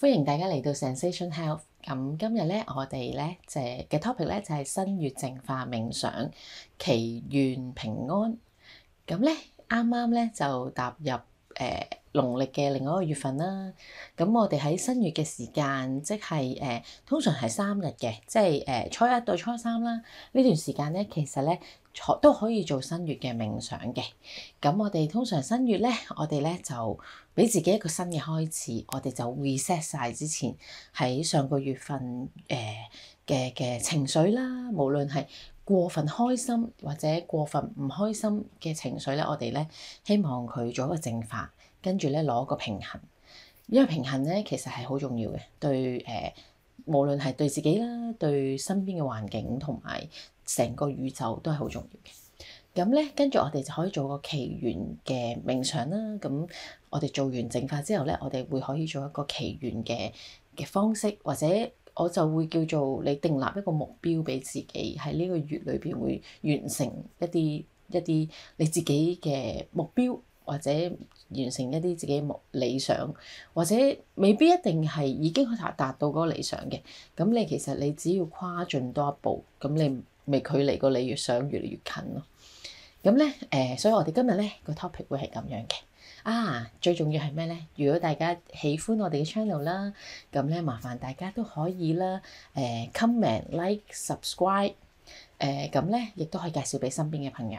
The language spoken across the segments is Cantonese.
歡迎大家嚟到 Sensation Health，咁今日呢我哋呢嘅 topic 呢就係、就是、新月淨化冥想祈願平安，咁呢啱啱呢就踏入、呃農曆嘅另外一個月份啦，咁我哋喺新月嘅時間，即係誒、呃，通常係三日嘅，即係誒、呃、初一到初三啦。呢段時間咧，其實咧都可以做新月嘅冥想嘅。咁我哋通常新月咧，我哋咧就俾自己一個新嘅開始，我哋就 reset 曬之前喺上個月份誒嘅嘅情緒啦。無論係過分開心或者過分唔開心嘅情緒咧，我哋咧希望佢做一個淨化。跟住咧攞個平衡，因為平衡咧其實係好重要嘅，對誒、呃，無論係對自己啦，對身邊嘅環境同埋成個宇宙都係好重要嘅。咁、嗯、咧，跟住我哋就可以做個祈願嘅冥想啦。咁我哋做完淨化之後咧，我哋會可以做一個祈願嘅嘅方式，或者我就會叫做你訂立一個目標俾自己喺呢個月裏邊會完成一啲一啲你自己嘅目標。或者完成一啲自己嘅理想，或者未必一定係已經達達到嗰個理想嘅，咁你其實你只要跨進多一步，咁你咪距離個你越想越嚟越近咯。咁咧誒，所以我哋今日咧個 topic 會係咁樣嘅。啊，最重要係咩咧？如果大家喜歡我哋嘅 channel 啦，咁咧麻煩大家都可以啦，誒、呃、comment、like、subscribe。誒咁咧，亦都、嗯、可以介紹俾身邊嘅朋友。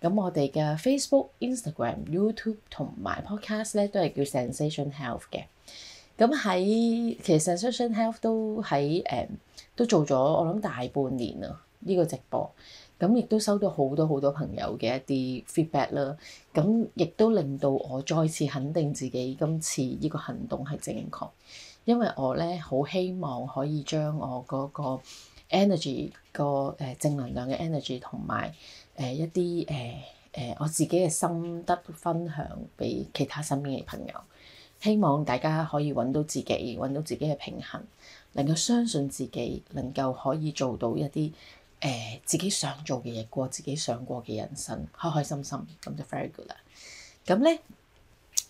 咁、嗯、我哋嘅 Facebook、Instagram、嗯、YouTube 同埋 Podcast 咧，都係叫 Zensation Health 嘅。咁喺其實 Zensation Health 都喺誒都做咗我諗大半年啦，呢、這個直播。咁、嗯、亦都收到好多好多朋友嘅一啲 feedback 啦。咁、嗯、亦都令到我再次肯定自己今次呢個行動係正確，因為我咧好希望可以將我嗰、那個 energy 個誒正能量嘅 energy 同埋誒一啲誒誒我自己嘅心得分享俾其他身邊嘅朋友，希望大家可以揾到自己揾到自己嘅平衡，能夠相信自己，能夠可以做到一啲誒、呃、自己想做嘅嘢，過自己想過嘅人生，開開心心咁就 very good 啦。咁咧。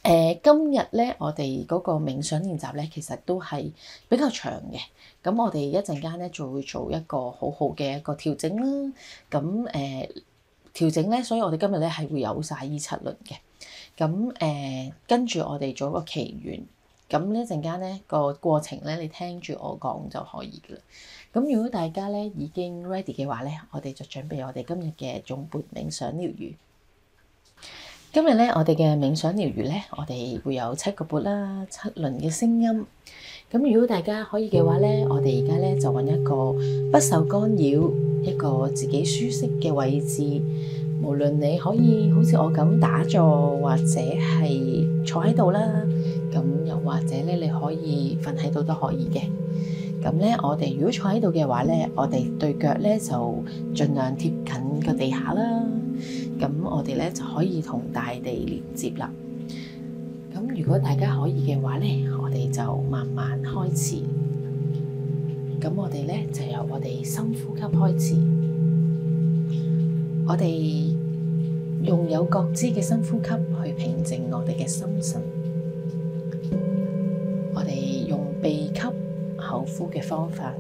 誒、呃，今日咧，我哋嗰個冥想練習咧，其實都係比較長嘅。咁我哋一陣間咧，就會做一個好好嘅一個調整啦。咁誒，調、呃、整咧，所以我哋今日咧係會有晒呢七輪嘅。咁誒、呃，跟住我哋做一個祈願。咁一陣間咧個過程咧，你聽住我講就可以噶啦。咁如果大家咧已經 ready 嘅話咧，我哋就準備我哋今日嘅頌缽冥想療癒。今日咧，我哋嘅冥想療癒咧，我哋會有七個缽啦，七輪嘅聲音。咁如果大家可以嘅話咧，我哋而家咧就搵一個不受干擾、一個自己舒適嘅位置。無論你可以好似我咁打坐，或者係坐喺度啦。咁又或者咧，你可以瞓喺度都可以嘅。咁咧，我哋如果坐喺度嘅話咧，我哋對腳咧就盡量貼近個地下啦。咁我哋咧就可以同大地連接啦。咁如果大家可以嘅話咧，我哋就慢慢開始。咁我哋咧就由我哋深呼吸開始。我哋用有覺知嘅深呼吸去平靜我哋嘅心神。我哋用鼻吸口呼嘅方法，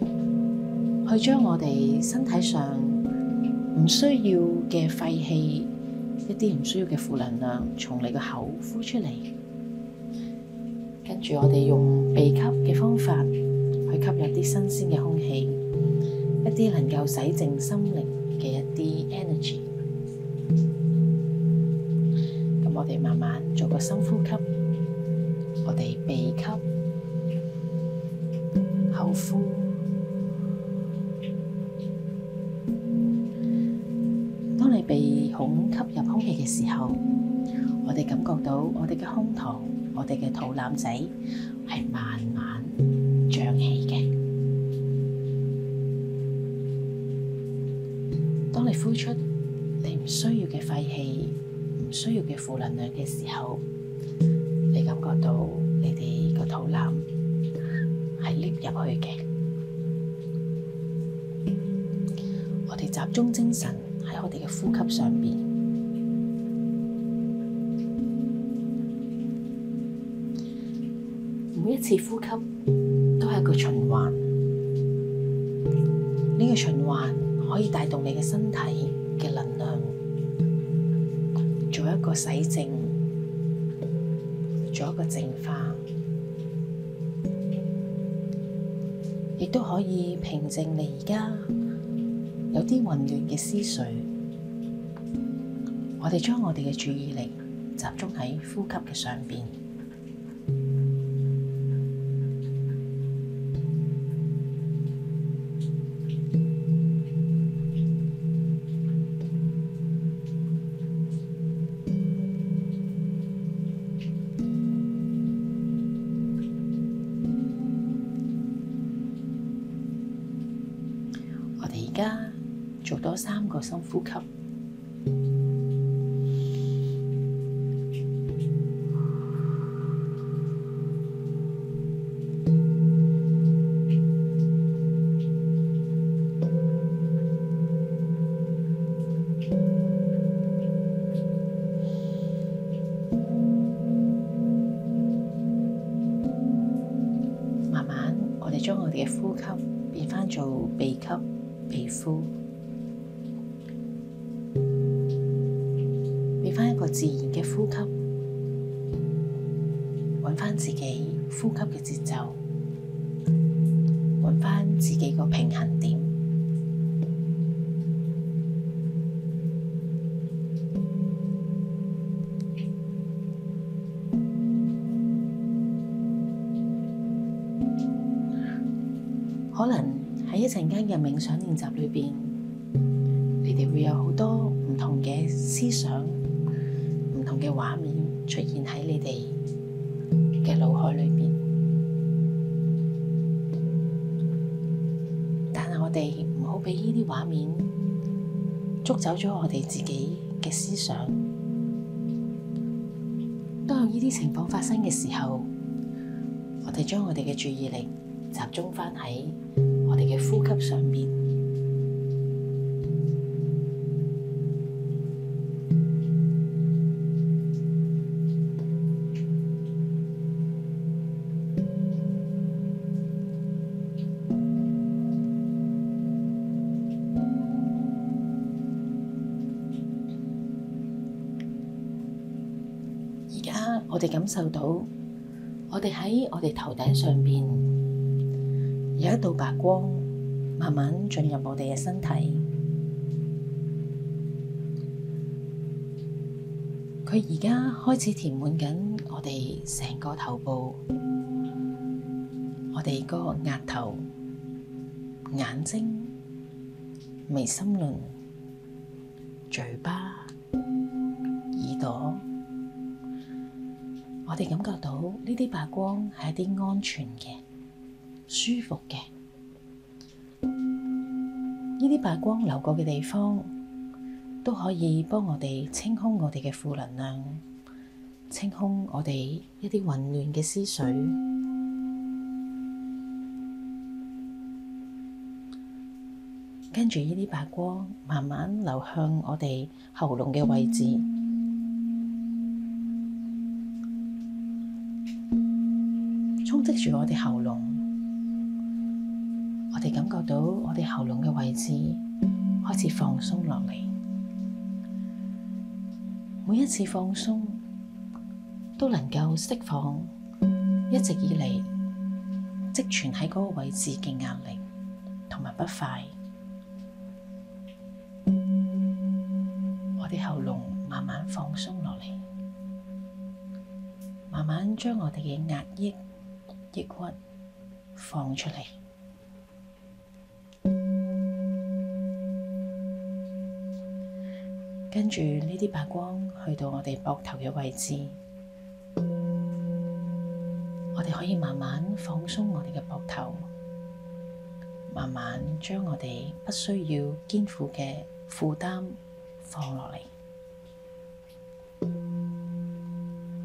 去將我哋身體上。唔需要嘅廢氣，一啲唔需要嘅負能量，從你個口呼出嚟，跟住我哋用鼻吸嘅方法去吸入一啲新鮮嘅空氣，一啲能夠洗淨心靈嘅一啲 energy。咁我哋慢慢做個深呼吸，我哋鼻吸，口呼。到我哋嘅胸膛，我哋嘅肚腩仔係慢慢脹起嘅。當你呼出你唔需要嘅廢氣、唔需要嘅負能量嘅時候，你感覺到你哋個肚腩係凹入去嘅。我哋集中精神喺我哋嘅呼吸上邊。每一次呼吸都係一個循環，呢、這個循環可以帶動你嘅身體嘅能量，做一個洗淨，做一個淨化，亦都可以平靜你而家有啲混亂嘅思緒。我哋將我哋嘅注意力集中喺呼吸嘅上面。我哋而家做多三個深呼吸。可能喺一陣間嘅冥想練習裏面，你哋會有好多唔同嘅思想、唔同嘅畫面出現喺你哋嘅腦海裏面。但係我哋唔好畀呢啲畫面捉走咗我哋自己嘅思想。當有呢啲情況發生嘅時候，我哋將我哋嘅注意力，集中返喺我哋嘅呼吸上面。而家我哋感受到，我哋喺我哋頭頂上面。有一道白光慢慢進入我哋嘅身體，佢而家開始填滿緊我哋成個頭部，我哋個額頭、眼睛、眉心輪、嘴巴、耳朵，我哋感覺到呢啲白光係一啲安全嘅。舒服嘅，呢啲白光流過嘅地方，都可以幫我哋清空我哋嘅負能量，清空我哋一啲混亂嘅思緒。跟住呢啲白光慢慢流向我哋喉嚨嘅位置，充斥住我哋喉嚨。到我哋喉嚨嘅位置開始放鬆落嚟，每一次放鬆都能夠釋放一直以嚟積存喺嗰個位置嘅壓力同埋不快，我哋喉嚨慢慢放鬆落嚟，慢慢將我哋嘅壓抑抑鬱放出嚟。跟住呢啲白光去到我哋膊頭嘅位置，我哋可以慢慢放鬆我哋嘅膊頭，慢慢將我哋不需要肩負嘅負擔放落嚟。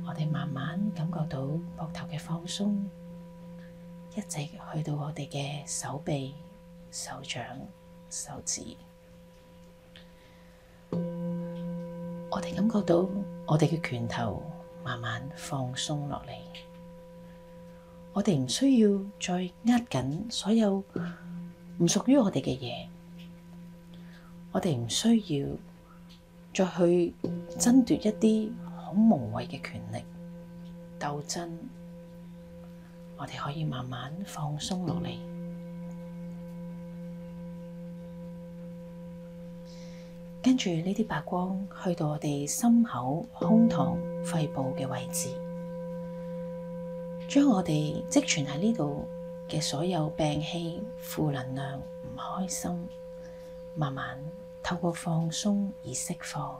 我哋慢慢感覺到膊頭嘅放鬆，一直去到我哋嘅手臂、手掌、手指。我哋感覺到，我哋嘅拳頭慢慢放鬆落嚟。我哋唔需要再握緊所有唔屬於我哋嘅嘢。我哋唔需要再去爭奪一啲好無謂嘅權力鬥爭。我哋可以慢慢放鬆落嚟。跟住呢啲白光去到我哋心口、胸膛、肺部嘅位置，將我哋積存喺呢度嘅所有病氣、負能量、唔開心，慢慢透過放鬆而釋放，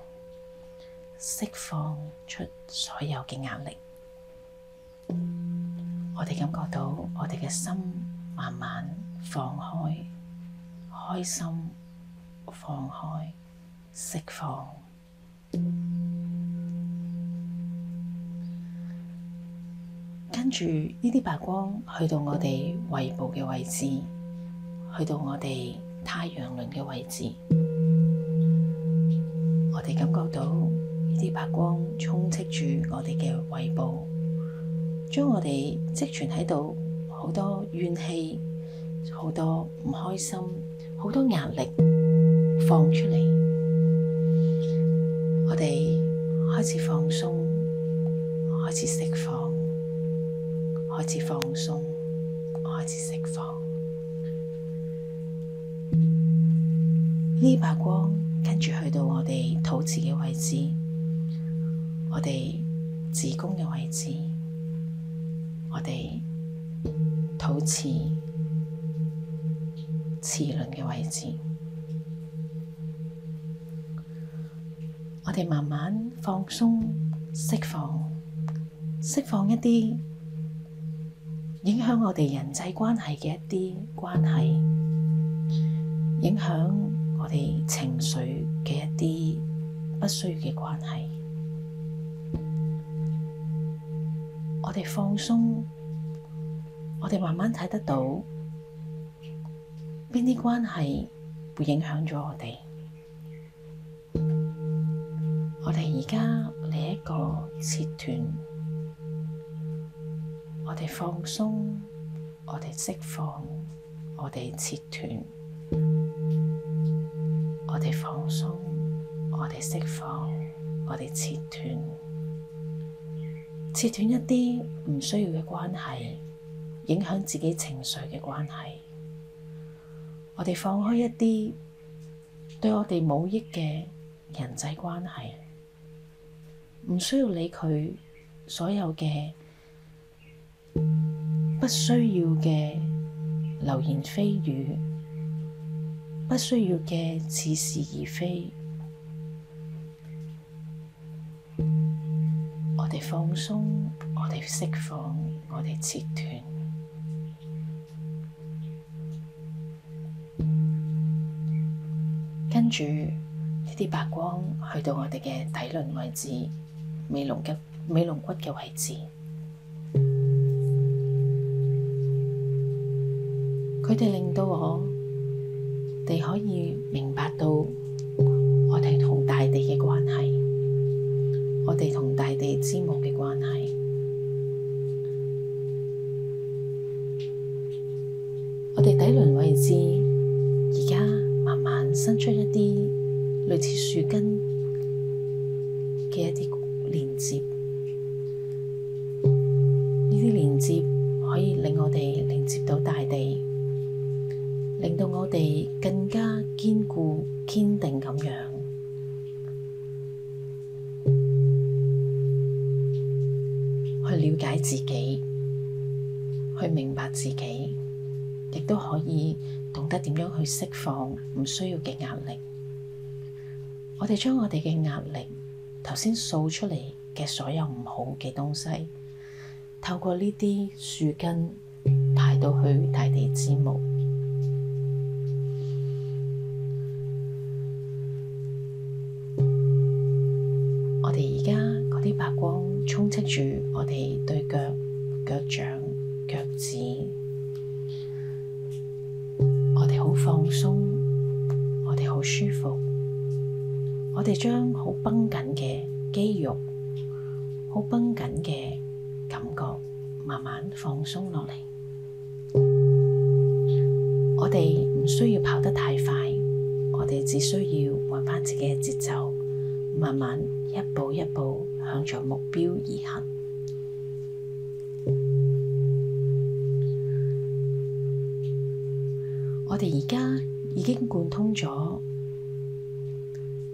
釋放出所有嘅壓力。我哋感覺到我哋嘅心慢慢放開，開心，放開。釋放，跟住呢啲白光去到我哋胃部嘅位置，去到我哋太陽輪嘅位置，我哋感覺到呢啲白光充斥住我哋嘅胃部，將我哋積存喺度好多怨氣、好多唔開心、好多壓力放出嚟。我哋開始放鬆，開始釋放，開始放鬆，開始釋放。呢把光跟住去到我哋肚臍嘅位置，我哋子宮嘅位置，我哋肚臍臍輪嘅位置。我哋慢慢放鬆，釋放，釋放一啲影響我哋人際關係嘅一啲關係，影響我哋情緒嘅一啲不需要嘅關係。我哋放鬆，我哋慢慢睇得到邊啲關係會影響咗我哋。而家嚟一個切斷，我哋放鬆，我哋釋放，我哋切斷，我哋放鬆，我哋釋放，我哋切斷，切斷一啲唔需要嘅關係，影響自己情緒嘅關係。我哋放開一啲對我哋冇益嘅人際關係。唔需要理佢所有嘅不需要嘅流言蜚語，不需要嘅似是而非。我哋放鬆，我哋釋放，我哋切斷。跟住呢啲白光去到我哋嘅底輪位置。尾龍嘅尾龍骨嘅位置，佢哋令到我哋可以明白到我哋同大地嘅關係，我哋同大地之母嘅關係。我哋底輪位置而家慢慢伸出一啲類似樹根。釋放唔需要嘅壓力，我哋將我哋嘅壓力，頭先掃出嚟嘅所有唔好嘅東西，透過呢啲樹根排到去大地之母。肌肉好繃緊嘅感覺，慢慢放鬆落嚟。我哋唔需要跑得太快，我哋只需要搵翻自己嘅節奏，慢慢一步一步向著目標而行。我哋而家已經貫通咗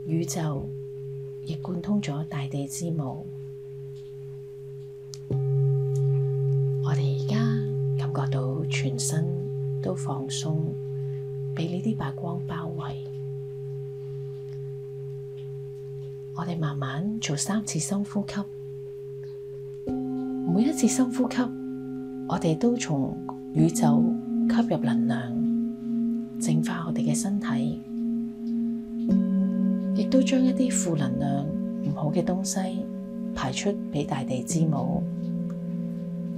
宇宙。亦貫通咗大地之母，我哋而家感覺到全身都放鬆，被呢啲白光包圍。我哋慢慢做三次深呼吸，每一次深呼吸，我哋都從宇宙吸入能量，淨化我哋嘅身體。亦都將一啲負能量唔好嘅東西排出俾大地之母，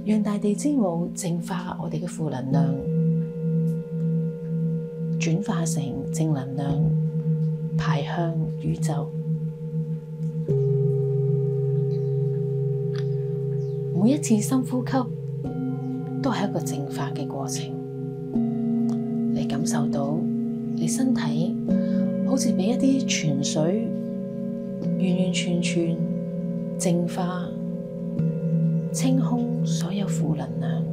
讓大地之母淨化我哋嘅負能量，轉化成正能量，排向宇宙。每一次深呼吸都係一個淨化嘅過程，你感受到你身體。好似俾一啲泉水完完全全淨化、清空所有負能量，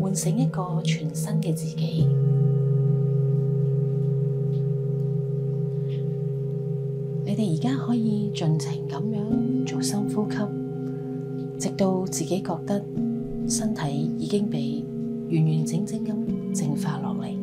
喚醒一個全新嘅自己。你哋而家可以盡情咁樣做深呼吸，直到自己覺得身體已經被完完整整咁淨化落嚟。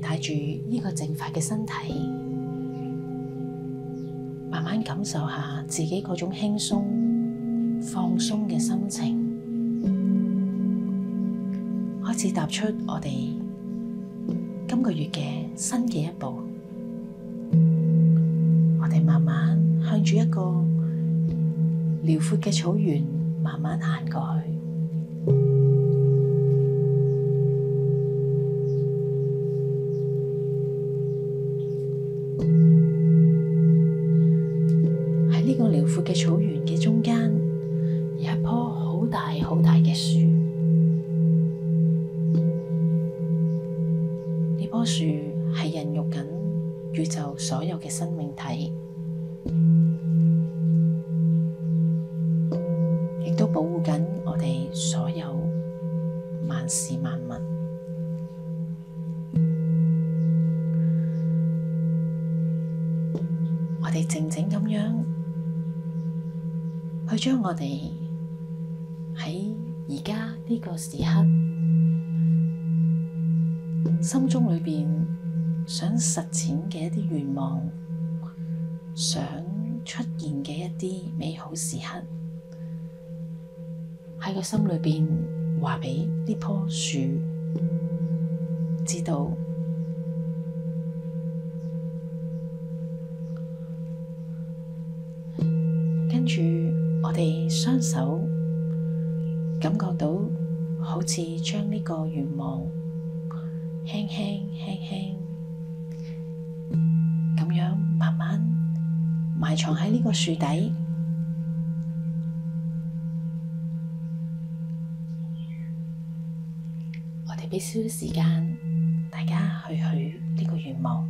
帶住呢個淨化嘅身體，慢慢感受下自己嗰種輕鬆放鬆嘅心情，開始踏出我哋今個月嘅新嘅一步。我哋慢慢向住一個遼闊嘅草原慢慢行過去。棵樹係孕育緊宇宙所有嘅生命體，亦都保護緊我哋所有萬事萬物。我哋靜靜咁樣去將我哋喺而家呢個時刻。心中裏邊想實踐嘅一啲願望，想出現嘅一啲美好時刻，喺個心裏邊話畀呢棵樹知道，跟住我哋雙手感覺到好似將呢個願望。輕輕輕輕，咁樣慢慢埋藏喺呢個樹底，我哋俾少少時間大家去許呢個願望。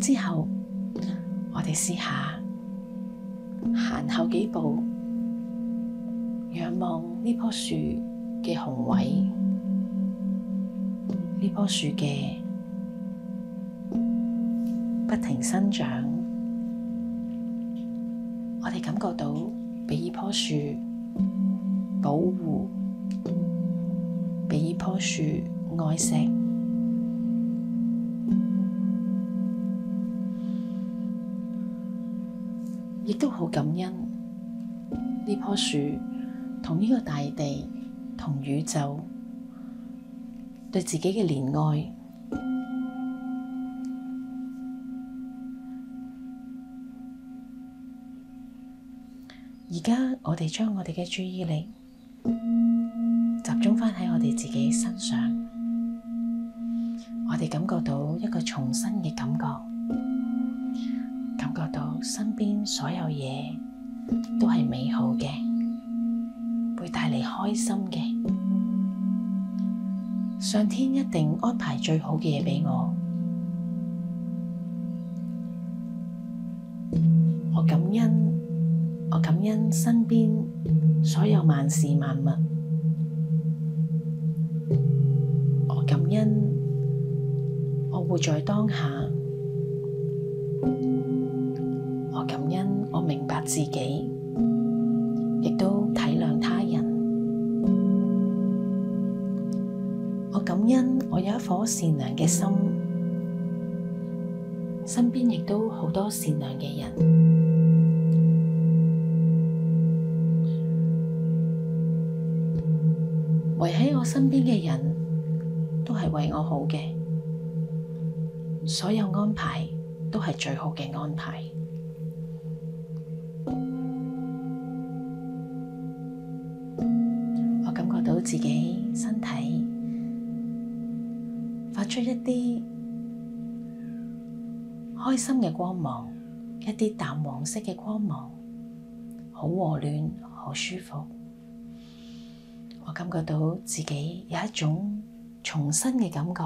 之後，我哋試下行後幾步，仰望呢棵樹嘅雄偉，呢棵樹嘅不停生長，我哋感覺到畀呢棵樹保護，畀呢棵樹愛惜。亦都好感恩呢棵樹同呢個大地同宇宙對自己嘅憐愛。而家我哋將我哋嘅注意力集中返喺我哋自己身上，我哋感覺到一個重生嘅感覺。身邊所有嘢都係美好嘅，會帶嚟開心嘅。上天一定安排最好嘅嘢俾我。我感恩，我感恩身邊所有萬事萬物。我感恩，我活在當下。圍喺我身邊嘅人都係為我好嘅，所有安排都係最好嘅安排。我感覺到自己身體發出一啲開心嘅光芒，一啲淡黃色嘅光芒，好和暖，好舒服。我感覺到自己有一種重生嘅感覺，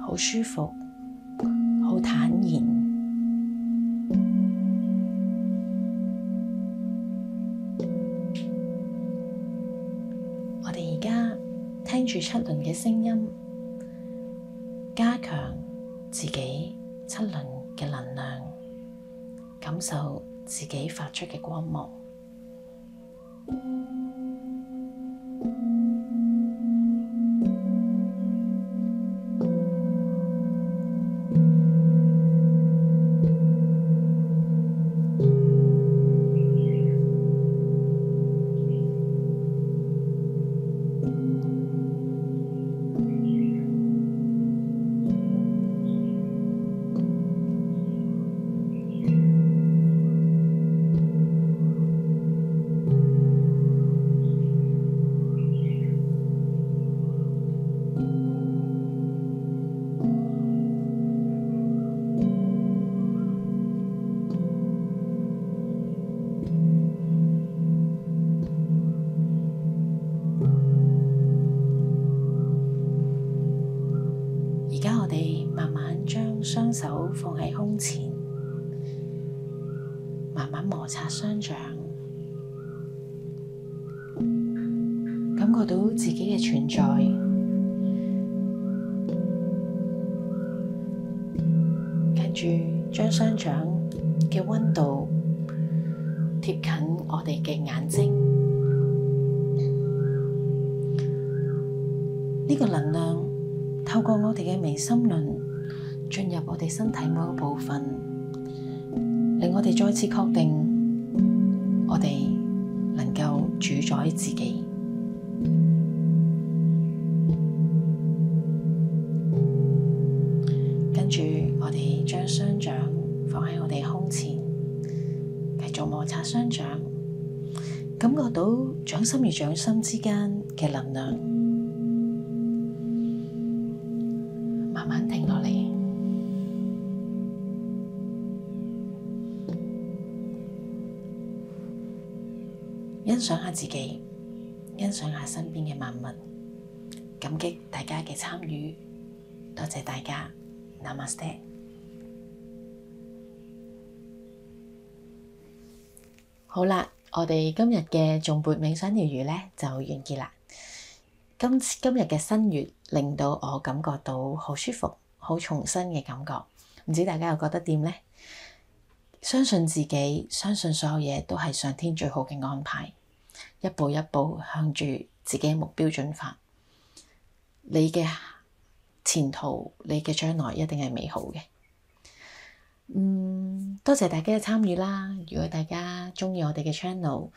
好舒服，好坦然。我哋而家聽住七輪嘅聲音，加強自己七輪嘅能量，感受自己發出嘅光芒。擦雙掌，感覺到自己嘅存在，跟住將雙掌嘅溫度貼近我哋嘅眼睛，呢、這個能量透過我哋嘅眉心輪進入我哋身體某個部分，令我哋再次確定。我哋能夠主宰自己。跟住，我哋將雙掌放喺我哋胸前，繼續摩擦雙掌，感覺到掌心與掌心之間嘅能量。欣賞下自己，欣賞下身邊嘅萬物，感激大家嘅參與，多謝大家。Namaste。好啦，我哋今日嘅頌缽冥想療癒咧就完結啦。今次今日嘅新月令到我感覺到好舒服、好重新嘅感覺，唔知大家又覺得點咧？相信自己，相信所有嘢都係上天最好嘅安排。一步一步向住自己嘅目標進發，你嘅前途，你嘅將來一定係美好嘅。嗯，多謝大家嘅參與啦！如果大家中意我哋嘅 channel，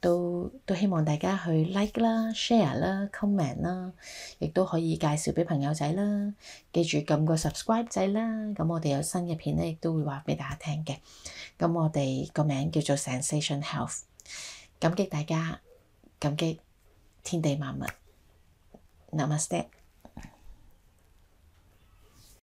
都都希望大家去 like 啦，share 啦，comment 啦，亦都可以介紹俾朋友仔啦。記住撳個 subscribe 仔啦，咁我哋有新嘅片咧，亦都會話俾大家聽嘅。咁我哋個名叫做 Zensation Health。感激大家，感激天地萬物，Namaste。